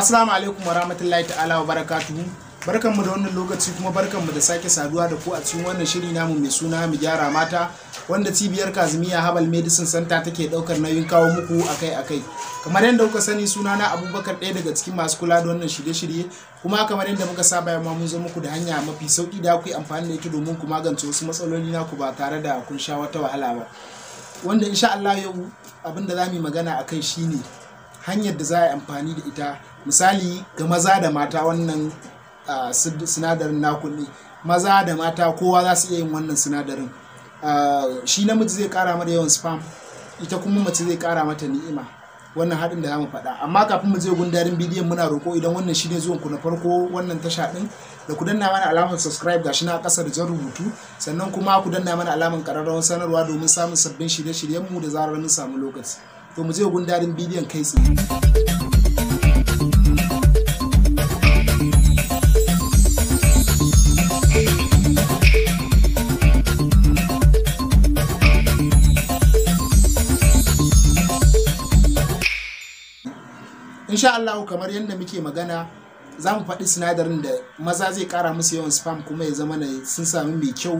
Assalamu alaikum wa rahmatullahi ta'ala wa barakatuhu. Barkanmu da wannan lokaci kuma barkanmu da sake saduwa da ku a cikin wannan shiri namu mai suna mu gyara mata wanda cibiyar Kazimiya Habal Medicine Center take daukar nauyin kawo muku akai-akai. Kamar yadda kuka sani suna na Abubakar ɗaya daga cikin masu kula da wannan shirye-shirye kuma kamar yadda muka saba yamma mun zo muku da hanya mafi sauki da ku amfani da ita domin ku magance wasu matsaloli na ku ba tare da kun sha wata wahala ba. Wanda insha Allah yau abin da za mu yi magana akai shine hanyar da za a yi amfani da ita misali ga maza da mata wannan sinadarin na ne maza da mata kowa za su iya yin wannan sinadarin shi namiji zai kara mata yawan spam ita kuma mace zai kara mata ni'ima wannan haɗin da za mu faɗa amma kafin mu je gundarin bidiyon muna roƙo idan wannan shi ne zuwan ku na farko wannan tasha ɗin da ku danna mana alamar subscribe shi na ƙasa da jan rubutu sannan kuma ku danna mana alamar ƙararrawar sanarwa domin samun sabbin shirye-shiryenmu da zarar mun samu lokaci to mu je gundarin bidiyon kai tsaye insha Allah kamar yadda muke magana za mu faɗi sinadarin da maza zai ƙara musu yawan spam kuma ya zama sun sami mai kyau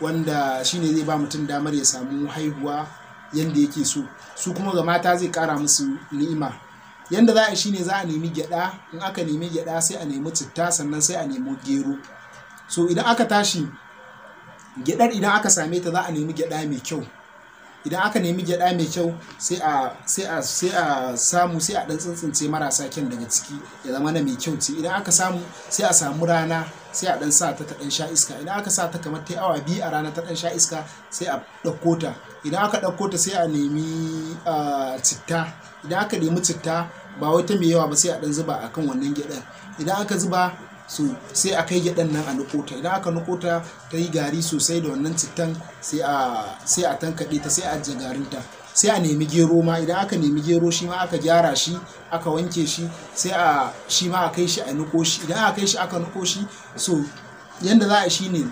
wanda shine zai ba mutum damar ya samu haihuwa yanda yake so su kuma ga mata zai kara musu ni'ima yanda za a shine za a nemi gyada in aka nemi gyada sai a nemi citta sannan sai a nemi gero so idan aka tashi gyadar idan aka same ta za a nemi gyada mai kyau idan aka nemi gyada mai kyau sai a sai a sai a samu sai a dan tsintsince marasa kyan daga ciki ya zama na mai kyau ce idan aka samu sai a samu rana sai a dan sa ta ta dan sha iska idan aka sa ta kamar ta awa biyu a rana ta dan sha iska sai a ɗauko ta idan aka ɗauko ta sai a nemi citta idan aka nemi citta ba wai ta mai yawa ba sai a dan zuba akan wannan gyadan idan aka zuba so sai a kai gyaɗan nan a nukota idan aka nukota ta yi gari sosai da wannan cittan sai a tankaɗe ta sai a ajiye garinta sai a nemi gero ma idan aka nemi gero shi ma aka gyara shi aka wanke shi sai a shi ma a kai shi a nuko idan aka kai shi aka nuko shi so yadda za a shi ne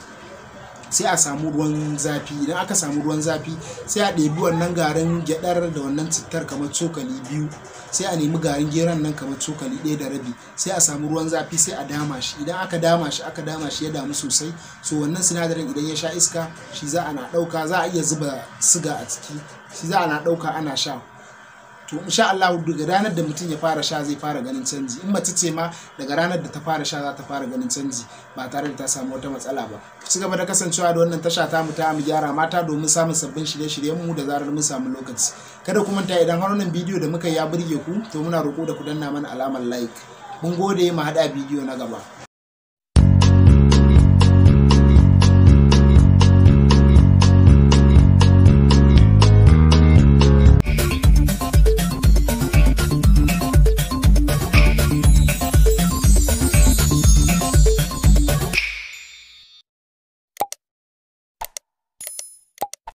sai a samu ruwan zafi idan aka samu ruwan zafi sai a ɗebi wannan garin gyaɗar da wannan cittar kamar cokali biyu sai a nemi garin geron nan kamar cokali ɗaya da rabi sai a samu ruwan zafi sai a dama shi idan aka dama shi aka dama shi ya damu sosai so wannan sinadarin idan ya sha iska shi za a na ɗauka za a iya zuba siga a ciki shi za a na ɗauka ana sha to insha Allah daga ranar da mutum ya fara sha zai fara ganin canji in mace ce ma daga ranar da ta fara sha za ta fara ganin canji ba tare da ta samu wata matsala ba ku ci gaba da kasancewa da wannan tasha ta mu ta mu gyara mata domin samun sabbin shirye-shiryen mu da zarar mun samu lokaci kada ku manta idan har wannan bidiyo da muka yi ya burge ku to muna roƙo da ku danna mana alamar like mun gode mu hada bidiyo na gaba